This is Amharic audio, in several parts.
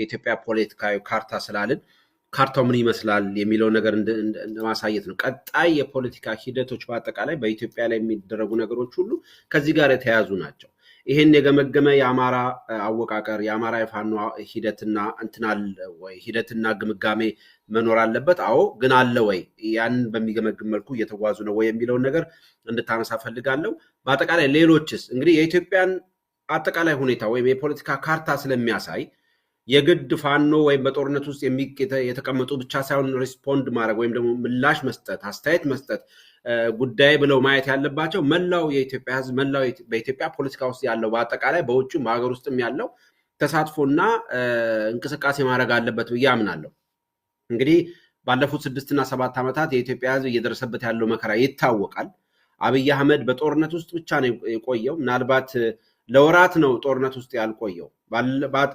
የኢትዮጵያ ፖለቲካዊ ካርታ ስላልን ካርታው ምን ይመስላል የሚለው ነገር እንደማሳየት ነው። ቀጣይ የፖለቲካ ሂደቶች በአጠቃላይ በኢትዮጵያ ላይ የሚደረጉ ነገሮች ሁሉ ከዚህ ጋር የተያያዙ ናቸው። ይሄን የገመገመ የአማራ አወቃቀር የአማራ የፋኖ ሂደትና እንትናል ወይ ሂደትና ግምጋሜ መኖር አለበት። አዎ፣ ግን አለ ወይ? ያንን በሚገመግም መልኩ እየተጓዙ ነው ወይ የሚለውን ነገር እንድታነሳ ፈልጋለሁ። በአጠቃላይ ሌሎችስ እንግዲህ የኢትዮጵያን አጠቃላይ ሁኔታ ወይም የፖለቲካ ካርታ ስለሚያሳይ የግድ ፋኖ ወይም በጦርነት ውስጥ የተቀመጡ ብቻ ሳይሆን ሪስፖንድ ማድረግ ወይም ደግሞ ምላሽ መስጠት፣ አስተያየት መስጠት ጉዳይ ብለው ማየት ያለባቸው መላው የኢትዮጵያ ሕዝብ መላው በኢትዮጵያ ፖለቲካ ውስጥ ያለው በአጠቃላይ በውጭም በሀገር ውስጥም ያለው ተሳትፎና እንቅስቃሴ ማድረግ አለበት ብዬ አምናለሁ። እንግዲህ ባለፉት ስድስትና ሰባት ዓመታት የኢትዮጵያ ሕዝብ እየደረሰበት ያለው መከራ ይታወቃል። አብይ አህመድ በጦርነት ውስጥ ብቻ ነው የቆየው ምናልባት ለወራት ነው ጦርነት ውስጥ ያልቆየው።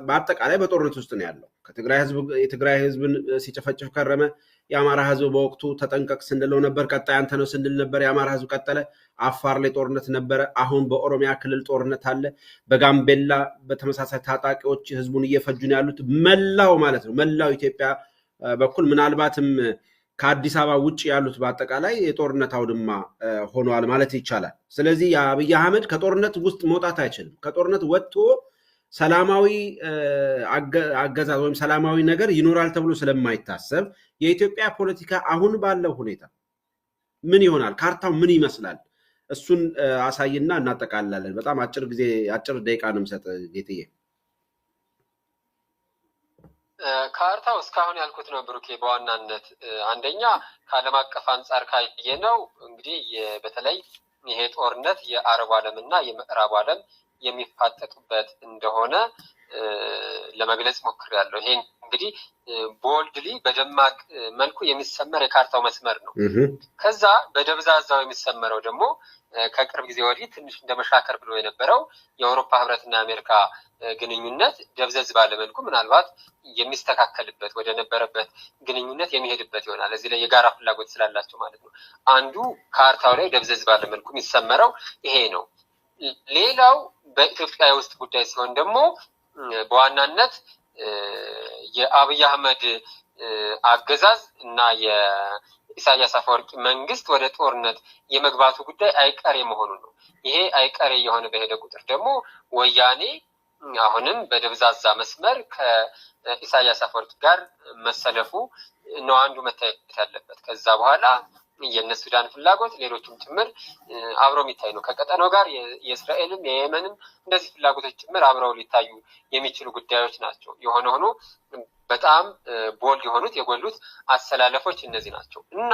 በአጠቃላይ በጦርነት ውስጥ ነው ያለው። ከትግራይ ህዝብ የትግራይ ህዝብን ሲጨፈጭፍ ከረመ። የአማራ ህዝብ በወቅቱ ተጠንቀቅ ስንለው ነበር። ቀጣይ አንተ ነው ስንል ነበር። የአማራ ህዝብ ቀጠለ። አፋር ላይ ጦርነት ነበረ። አሁን በኦሮሚያ ክልል ጦርነት አለ። በጋምቤላ በተመሳሳይ ታጣቂዎች ህዝቡን እየፈጁ ነው ያሉት። መላው ማለት ነው መላው ኢትዮጵያ በኩል ምናልባትም ከአዲስ አበባ ውጭ ያሉት በአጠቃላይ የጦርነት አውድማ ሆነዋል ማለት ይቻላል። ስለዚህ የአብይ አህመድ ከጦርነት ውስጥ መውጣት አይችልም። ከጦርነት ወጥቶ ሰላማዊ አገዛዝ ወይም ሰላማዊ ነገር ይኖራል ተብሎ ስለማይታሰብ የኢትዮጵያ ፖለቲካ አሁን ባለው ሁኔታ ምን ይሆናል፣ ካርታው ምን ይመስላል፣ እሱን አሳይና እናጠቃላለን። በጣም አጭር ጊዜ አጭር ደቂቃ ነው የምሰጥ ጌትዬ። ካርታው እስካሁን ያልኩት ነው ብሩኬ። በዋናነት አንደኛ ከዓለም አቀፍ አንጻር ካየ ነው እንግዲህ በተለይ ይሄ ጦርነት የአረብ ዓለም እና የምዕራብ ዓለም የሚፋጠጡበት እንደሆነ ለመግለጽ ሞክሬያለሁ። ይሄ እንግዲህ ቦልድሊ በደማቅ መልኩ የሚሰመር የካርታው መስመር ነው። ከዛ በደብዛዛው የሚሰመረው ደግሞ ከቅርብ ጊዜ ወዲህ ትንሽ እንደ መሻከር ብሎ የነበረው የአውሮፓ ህብረትና የአሜሪካ ግንኙነት ደብዘዝ ባለ መልኩ ምናልባት የሚስተካከልበት ወደ ነበረበት ግንኙነት የሚሄድበት ይሆናል። እዚህ ላይ የጋራ ፍላጎት ስላላቸው ማለት ነው። አንዱ ካርታው ላይ ደብዘዝ ባለ መልኩ የሚሰመረው ይሄ ነው። ሌላው በኢትዮጵያ የውስጥ ጉዳይ ሲሆን ደግሞ በዋናነት የአብይ አህመድ አገዛዝ እና የኢሳያስ አፈወርቂ መንግስት ወደ ጦርነት የመግባቱ ጉዳይ አይቀሬ መሆኑ ነው። ይሄ አይቀሬ የሆነ በሄደ ቁጥር ደግሞ ወያኔ አሁንም በደብዛዛ መስመር ከኢሳያስ አፈወርቂ ጋር መሰለፉ ነው አንዱ መታየት ያለበት። ከዛ በኋላ የነ ሱዳን ፍላጎት ሌሎችም ጭምር አብረው የሚታይ ነው። ከቀጠናው ጋር የእስራኤልም የየመንም እንደዚህ ፍላጎቶች ጭምር አብረው ሊታዩ የሚችሉ ጉዳዮች ናቸው። የሆነ ሆኖ በጣም ቦልድ የሆኑት የጎሉት አሰላለፎች እነዚህ ናቸው እና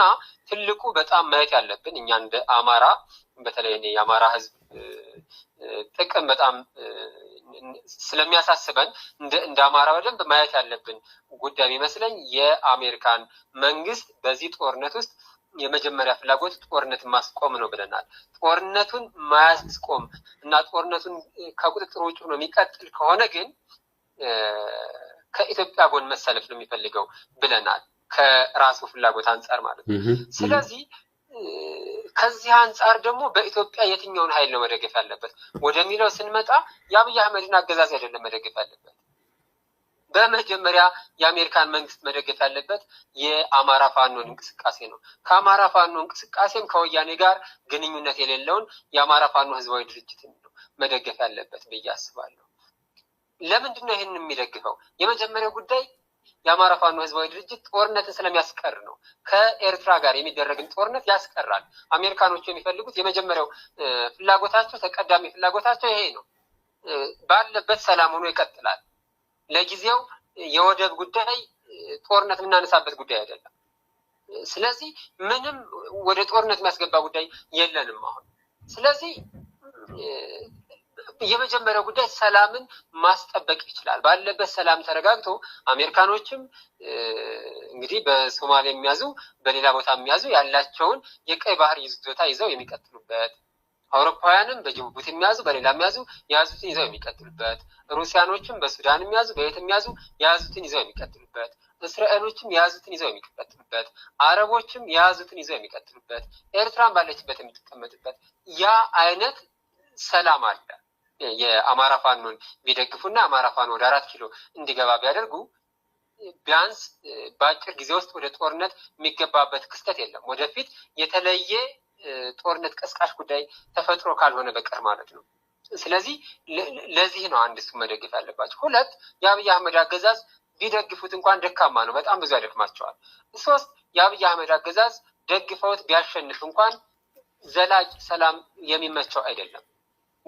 ትልቁ በጣም ማየት ያለብን እኛ እንደ አማራ በተለይ እኔ የአማራ ሕዝብ ጥቅም በጣም ስለሚያሳስበን እንደ አማራ በደንብ ማየት ያለብን ጉዳይ የሚመስለኝ የአሜሪካን መንግስት በዚህ ጦርነት ውስጥ የመጀመሪያ ፍላጎት ጦርነት ማስቆም ነው ብለናል። ጦርነቱን ማያስቆም እና ጦርነቱን ከቁጥጥር ውጭ ነው የሚቀጥል ከሆነ ግን ከኢትዮጵያ ጎን መሰለፍ ነው የሚፈልገው ብለናል። ከራሱ ፍላጎት አንጻር ማለት ነው። ስለዚህ ከዚህ አንጻር ደግሞ በኢትዮጵያ የትኛውን ኃይል ነው መደገፍ ያለበት ወደሚለው ስንመጣ የአብይ አህመድን አገዛዝ አይደለም መደገፍ ያለበት በመጀመሪያ የአሜሪካን መንግስት መደገፍ ያለበት የአማራ ፋኖን እንቅስቃሴ ነው። ከአማራ ፋኖ እንቅስቃሴም ከወያኔ ጋር ግንኙነት የሌለውን የአማራ ፋኖ ህዝባዊ ድርጅት ነው መደገፍ ያለበት ብዬ አስባለሁ። ለምንድን ነው ይህን የሚደግፈው? የመጀመሪያው ጉዳይ የአማራ ፋኖ ህዝባዊ ድርጅት ጦርነትን ስለሚያስቀር ነው። ከኤርትራ ጋር የሚደረግን ጦርነት ያስቀራል። አሜሪካኖቹ የሚፈልጉት የመጀመሪያው ፍላጎታቸው፣ ተቀዳሚ ፍላጎታቸው ይሄ ነው። ባለበት ሰላም ሆኖ ይቀጥላል። ለጊዜው የወደብ ጉዳይ ጦርነት የምናነሳበት ጉዳይ አይደለም። ስለዚህ ምንም ወደ ጦርነት የሚያስገባ ጉዳይ የለንም አሁን። ስለዚህ የመጀመሪያው ጉዳይ ሰላምን ማስጠበቅ ይችላል። ባለበት ሰላም ተረጋግቶ አሜሪካኖችም እንግዲህ በሶማሌ የሚያዙ በሌላ ቦታ የሚያዙ ያላቸውን የቀይ ባህር ይዞታ ይዘው የሚቀጥሉበት አውሮፓውያንም በጅቡቲ የሚያዙ በሌላ የሚያዙ የያዙትን ይዘው የሚቀጥሉበት፣ ሩሲያኖችም በሱዳን የሚያዙ በየት የሚያዙ የያዙትን ይዘው የሚቀጥሉበት፣ እስራኤሎችም የያዙትን ይዘው የሚቀጥሉበት፣ አረቦችም የያዙትን ይዘው የሚቀጥሉበት፣ ኤርትራን ባለችበት የምትቀመጥበት ያ አይነት ሰላም አለ። የአማራ ፋኖን ቢደግፉና አማራ ፋኖ ወደ አራት ኪሎ እንዲገባ ቢያደርጉ ቢያንስ በአጭር ጊዜ ውስጥ ወደ ጦርነት የሚገባበት ክስተት የለም። ወደፊት የተለየ ጦርነት ቀስቃሽ ጉዳይ ተፈጥሮ ካልሆነ በቀር ማለት ነው። ስለዚህ ለዚህ ነው አንድ እሱ መደገፍ ያለባቸው። ሁለት የአብይ አህመድ አገዛዝ ቢደግፉት እንኳን ደካማ ነው፣ በጣም ብዙ ያደክማቸዋል። ሶስት የአብይ አህመድ አገዛዝ ደግፈውት ቢያሸንፍ እንኳን ዘላቂ ሰላም የሚመቸው አይደለም፣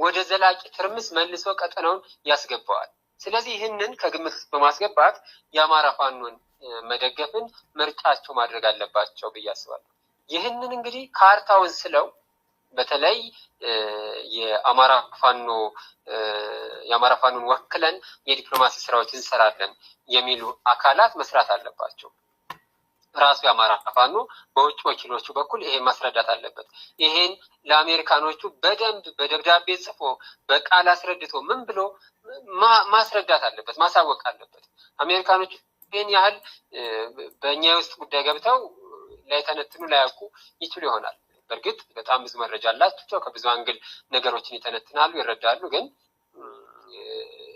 ወደ ዘላቂ ትርምስ መልሶ ቀጠናውን ያስገባዋል። ስለዚህ ይህንን ከግምት ውስጥ በማስገባት የአማራ ፋኖን መደገፍን ምርጫቸው ማድረግ አለባቸው ብዬ አስባለሁ። ይህንን እንግዲህ ካርታውን ስለው በተለይ የአማራ ፋኖ የአማራ ፋኖን ወክለን የዲፕሎማሲ ስራዎች እንሰራለን የሚሉ አካላት መስራት አለባቸው። ራሱ የአማራ ፋኖ በውጭ ወኪሎቹ በኩል ይሄን ማስረዳት አለበት። ይሄን ለአሜሪካኖቹ በደንብ በደብዳቤ ጽፎ በቃል አስረድቶ ምን ብሎ ማስረዳት አለበት፣ ማሳወቅ አለበት። አሜሪካኖቹ ይህን ያህል በእኛ የውስጥ ጉዳይ ገብተው ላይተነትኑ ላያውቁ ይችሉ ይሆናል። በእርግጥ በጣም ብዙ መረጃ አላቸው፣ ከብዙ አንግል ነገሮችን ይተነትናሉ፣ ይረዳሉ። ግን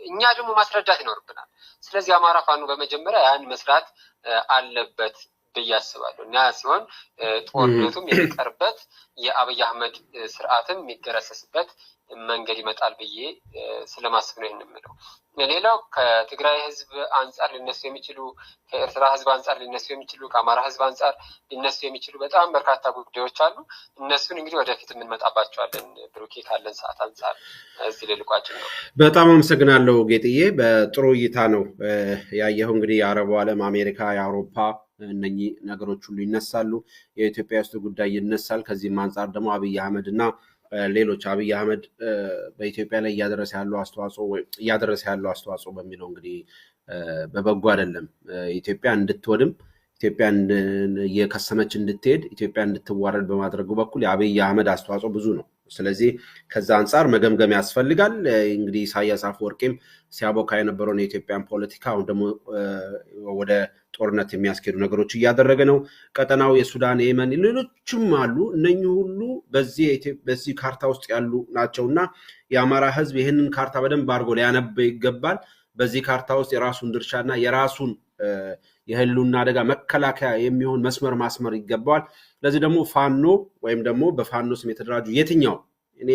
እኛ ደግሞ ማስረዳት ይኖርብናል። ስለዚህ አማራ ፋኑ በመጀመሪያ ያን መስራት አለበት ብዬ አስባለሁ እና ሲሆን ጦርነቱም የሚቀርበት የአብይ አህመድ ስርዓትም የሚገረሰስበት መንገድ ይመጣል ብዬ ስለማስብ ነው ይህን የምለው። ሌላው ከትግራይ ህዝብ አንጻር ሊነሱ የሚችሉ ከኤርትራ ህዝብ አንጻር ሊነሱ የሚችሉ ከአማራ ህዝብ አንጻር ሊነሱ የሚችሉ በጣም በርካታ ጉዳዮች አሉ። እነሱን እንግዲህ ወደፊት የምንመጣባቸዋለን። ብሩኬ ካለን ሰዓት አንጻር እዚህ ልልቋችን ነው። በጣም አመሰግናለሁ ጌጥዬ። በጥሩ እይታ ነው ያየኸው። እንግዲህ የአረቡ ዓለም አሜሪካ፣ የአውሮፓ እነኚህ ነገሮች ሁሉ ይነሳሉ። የኢትዮጵያ ውስጥ ጉዳይ ይነሳል። ከዚህም አንጻር ደግሞ አብይ አህመድ እና ሌሎች አብይ አህመድ በኢትዮጵያ ላይ እያደረሰ ያለው አስተዋጽኦ እያደረሰ ያለው አስተዋጽኦ በሚለው እንግዲህ በበጎ አይደለም። ኢትዮጵያ እንድትወድም ኢትዮጵያን እየከሰመች እንድትሄድ ኢትዮጵያ እንድትዋረድ በማድረጉ በኩል የአብይ አህመድ አስተዋጽኦ ብዙ ነው። ስለዚህ ከዛ አንጻር መገምገም ያስፈልጋል። እንግዲህ ኢሳያስ አፈወርቂም ሲያቦካ የነበረውን የኢትዮጵያን ፖለቲካ አሁን ደግሞ ወደ ጦርነት የሚያስኬዱ ነገሮች እያደረገ ነው። ቀጠናው የሱዳን፣ የየመን፣ ሌሎችም አሉ። እነኚህ ሁሉ በዚህ ካርታ ውስጥ ያሉ ናቸው እና የአማራ ህዝብ ይህንን ካርታ በደንብ አድርጎ ሊያነበ ይገባል። በዚህ ካርታ ውስጥ የራሱን ድርሻና የራሱን የህልውና አደጋ መከላከያ የሚሆን መስመር ማስመር ይገባዋል። ለዚህ ደግሞ ፋኖ ወይም ደግሞ በፋኖ ስም የተደራጁ የትኛው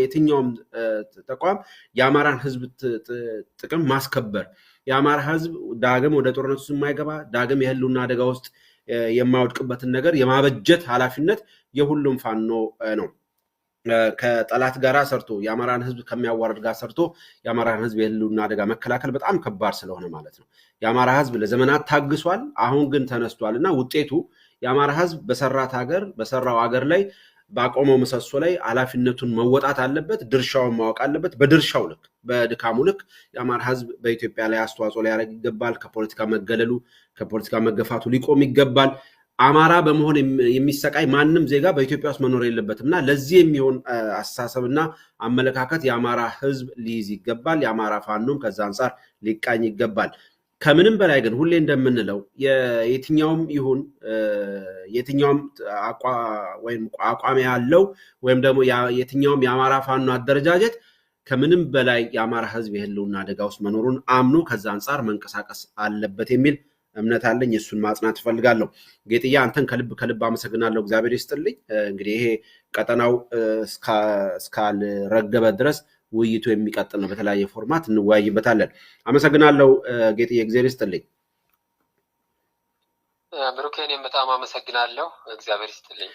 የትኛውም ተቋም የአማራን ህዝብ ጥቅም ማስከበር የአማራ ህዝብ ዳግም ወደ ጦርነት ውስጥ የማይገባ ዳግም የህልውና አደጋ ውስጥ የማይወድቅበትን ነገር የማበጀት ኃላፊነት የሁሉም ፋኖ ነው። ከጠላት ጋር ሰርቶ የአማራን ህዝብ ከሚያዋርድ ጋር ሰርቶ የአማራን ህዝብ የህልውና አደጋ መከላከል በጣም ከባድ ስለሆነ ማለት ነው። የአማራ ህዝብ ለዘመናት ታግሷል። አሁን ግን ተነስቷል እና ውጤቱ የአማራ ህዝብ በሰራት ሀገር በሰራው ሀገር ላይ በአቆመው ምሰሶ ላይ ኃላፊነቱን መወጣት አለበት። ድርሻውን ማወቅ አለበት። በድርሻው ልክ በድካሙ ልክ የአማራ ህዝብ በኢትዮጵያ ላይ አስተዋጽኦ ሊያደርግ ይገባል። ከፖለቲካ መገለሉ ከፖለቲካ መገፋቱ ሊቆም ይገባል። አማራ በመሆን የሚሰቃይ ማንም ዜጋ በኢትዮጵያ ውስጥ መኖር የለበትም እና ለዚህ የሚሆን አስተሳሰብና አመለካከት የአማራ ህዝብ ሊይዝ ይገባል። የአማራ ፋኖም ከዛ አንጻር ሊቃኝ ይገባል። ከምንም በላይ ግን ሁሌ እንደምንለው የትኛውም ይሁን የትኛውም ወይም አቋም ያለው ወይም ደግሞ የትኛውም የአማራ ፋኖ አደረጃጀት ከምንም በላይ የአማራ ህዝብ የህልውና አደጋ ውስጥ መኖሩን አምኖ ከዛ አንጻር መንቀሳቀስ አለበት የሚል እምነት አለኝ። እሱን ማጽናት እፈልጋለሁ። ጌጥዬ አንተን ከልብ ከልብ አመሰግናለሁ። እግዚአብሔር ይስጥልኝ። እንግዲህ ይሄ ቀጠናው እስካልረገበ ድረስ ውይይቱ የሚቀጥል ነው። በተለያየ ፎርማት እንወያይበታለን። አመሰግናለሁ ጌጥዬ፣ እግዚአብሔር ይስጥልኝ። ብሩኬ፣ እኔም በጣም አመሰግናለሁ። እግዚአብሔር ይስጥልኝ።